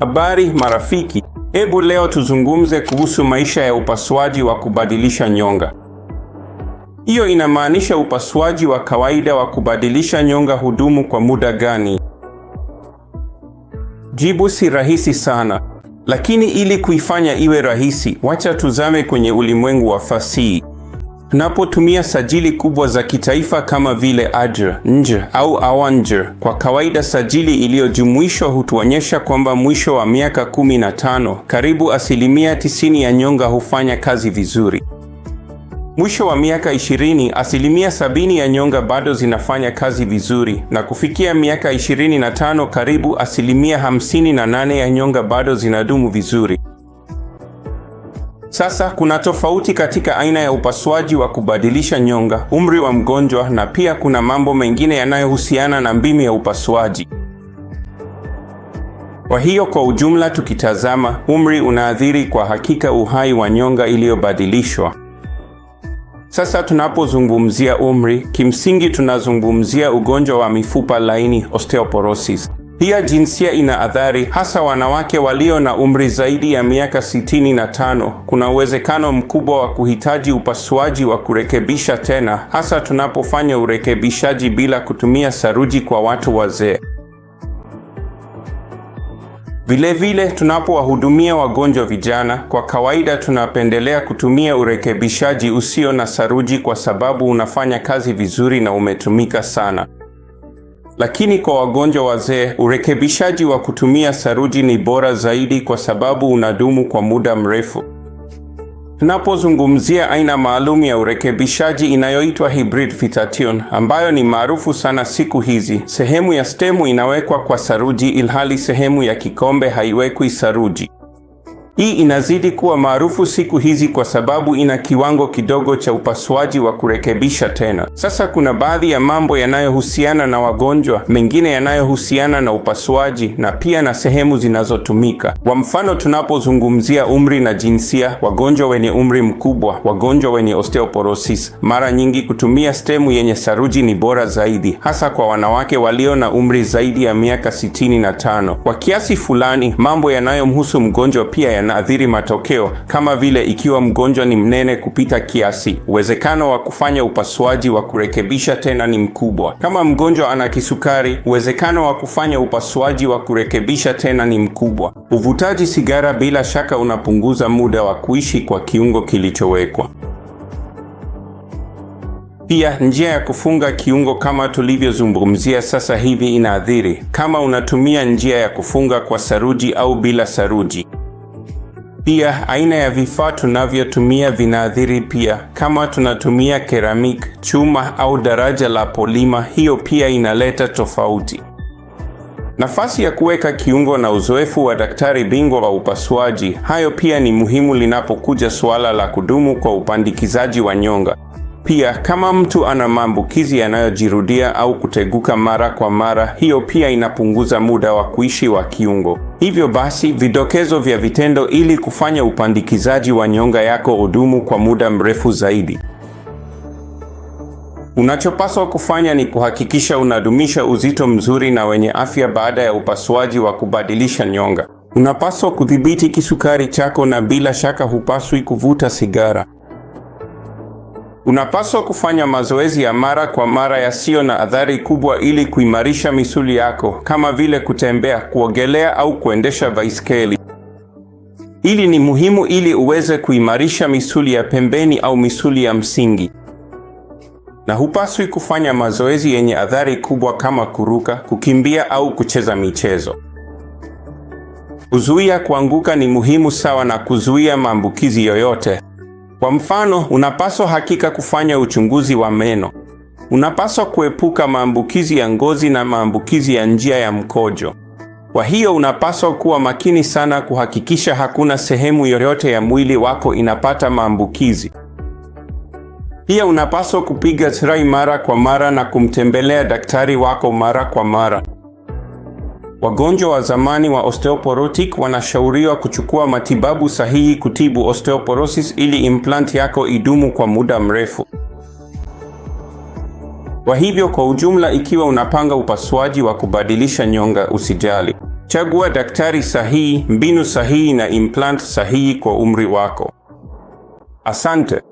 Habari marafiki, hebu leo tuzungumze kuhusu maisha ya upasuaji wa kubadilisha nyonga. Hiyo inamaanisha upasuaji wa kawaida wa kubadilisha nyonga hudumu kwa muda gani? Jibu si rahisi sana, lakini ili kuifanya iwe rahisi, wacha tuzame kwenye ulimwengu wa fasihi. Tunapotumia sajili kubwa za kitaifa kama vile AJR, nje au AWANJR, kwa kawaida sajili iliyojumuishwa hutuonyesha kwamba mwisho wa miaka 15 karibu asilimia 90 ya nyonga hufanya kazi vizuri. Mwisho wa miaka 20 asilimia 70 ya nyonga bado zinafanya kazi vizuri, na kufikia miaka 25 karibu asilimia 58 ya nyonga bado zinadumu vizuri. Sasa kuna tofauti katika aina ya upasuaji wa kubadilisha nyonga, umri wa mgonjwa, na pia kuna mambo mengine yanayohusiana na mbinu ya upasuaji. Kwa hiyo kwa ujumla, tukitazama, umri unaathiri kwa hakika uhai wa nyonga iliyobadilishwa. Sasa tunapozungumzia umri, kimsingi tunazungumzia ugonjwa wa mifupa laini, osteoporosis. Pia jinsia ina athari, hasa wanawake walio na umri zaidi ya miaka 65 kuna uwezekano mkubwa wa kuhitaji upasuaji wa kurekebisha tena, hasa tunapofanya urekebishaji bila kutumia saruji kwa watu wazee. Vilevile, tunapowahudumia wagonjwa vijana, kwa kawaida tunapendelea kutumia urekebishaji usio na saruji kwa sababu unafanya kazi vizuri na umetumika sana. Lakini kwa wagonjwa wazee, urekebishaji wa kutumia saruji ni bora zaidi kwa sababu unadumu kwa muda mrefu. Tunapozungumzia aina maalum ya urekebishaji inayoitwa hybrid fixation ambayo ni maarufu sana siku hizi, sehemu ya stemu inawekwa kwa saruji ilhali sehemu ya kikombe haiwekwi saruji. Hii inazidi kuwa maarufu siku hizi kwa sababu ina kiwango kidogo cha upasuaji wa kurekebisha tena. Sasa kuna baadhi ya mambo yanayohusiana na wagonjwa, mengine yanayohusiana na upasuaji na pia na sehemu zinazotumika. Kwa mfano, tunapozungumzia umri na jinsia, wagonjwa wenye umri mkubwa, wagonjwa wenye osteoporosis, mara nyingi kutumia stemu yenye saruji ni bora zaidi, hasa kwa wanawake walio na umri zaidi ya miaka 65. Kwa kiasi fulani, mambo yanayomhusu mgonjwa pia ya yanaathiri matokeo kama vile ikiwa mgonjwa ni mnene kupita kiasi, uwezekano wa kufanya upasuaji wa kurekebisha tena ni mkubwa. Kama mgonjwa ana kisukari, uwezekano wa kufanya upasuaji wa kurekebisha tena ni mkubwa. Uvutaji sigara bila shaka unapunguza muda wa kuishi kwa kiungo kilichowekwa. Pia njia ya kufunga kiungo kama tulivyozungumzia sasa hivi inaathiri, kama unatumia njia ya kufunga kwa saruji au bila saruji. Pia aina ya vifaa tunavyotumia vinaathiri pia. Kama tunatumia keramik chuma au daraja la polima, hiyo pia inaleta tofauti. Nafasi ya kuweka kiungo na uzoefu wa daktari bingwa wa upasuaji, hayo pia ni muhimu linapokuja suala la kudumu kwa upandikizaji wa nyonga. Pia kama mtu ana maambukizi yanayojirudia au kuteguka mara kwa mara, hiyo pia inapunguza muda wa kuishi wa kiungo. Hivyo basi, vidokezo vya vitendo ili kufanya upandikizaji wa nyonga yako udumu kwa muda mrefu zaidi. Unachopaswa kufanya ni kuhakikisha unadumisha uzito mzuri na wenye afya baada ya upasuaji wa kubadilisha nyonga. Unapaswa kudhibiti kisukari chako na bila shaka hupaswi kuvuta sigara. Unapaswa kufanya mazoezi ya mara kwa mara yasiyo na athari kubwa ili kuimarisha misuli yako kama vile kutembea, kuogelea au kuendesha baiskeli. Hili ni muhimu ili uweze kuimarisha misuli ya pembeni au misuli ya msingi. Na hupaswi kufanya mazoezi yenye athari kubwa kama kuruka, kukimbia au kucheza michezo. Kuzuia kuanguka ni muhimu sawa na kuzuia maambukizi yoyote. Kwa mfano, unapaswa hakika kufanya uchunguzi wa meno. Unapaswa kuepuka maambukizi ya ngozi na maambukizi ya njia ya mkojo. Kwa hiyo unapaswa kuwa makini sana kuhakikisha hakuna sehemu yoyote ya mwili wako inapata maambukizi. Pia unapaswa kupiga tirai mara kwa mara na kumtembelea daktari wako mara kwa mara. Wagonjwa wa zamani wa osteoporotic wanashauriwa kuchukua matibabu sahihi kutibu osteoporosis ili implant yako idumu kwa muda mrefu. Kwa hivyo kwa ujumla, ikiwa unapanga upasuaji wa kubadilisha nyonga, usijali. Chagua daktari sahihi, mbinu sahihi na implant sahihi kwa umri wako. Asante.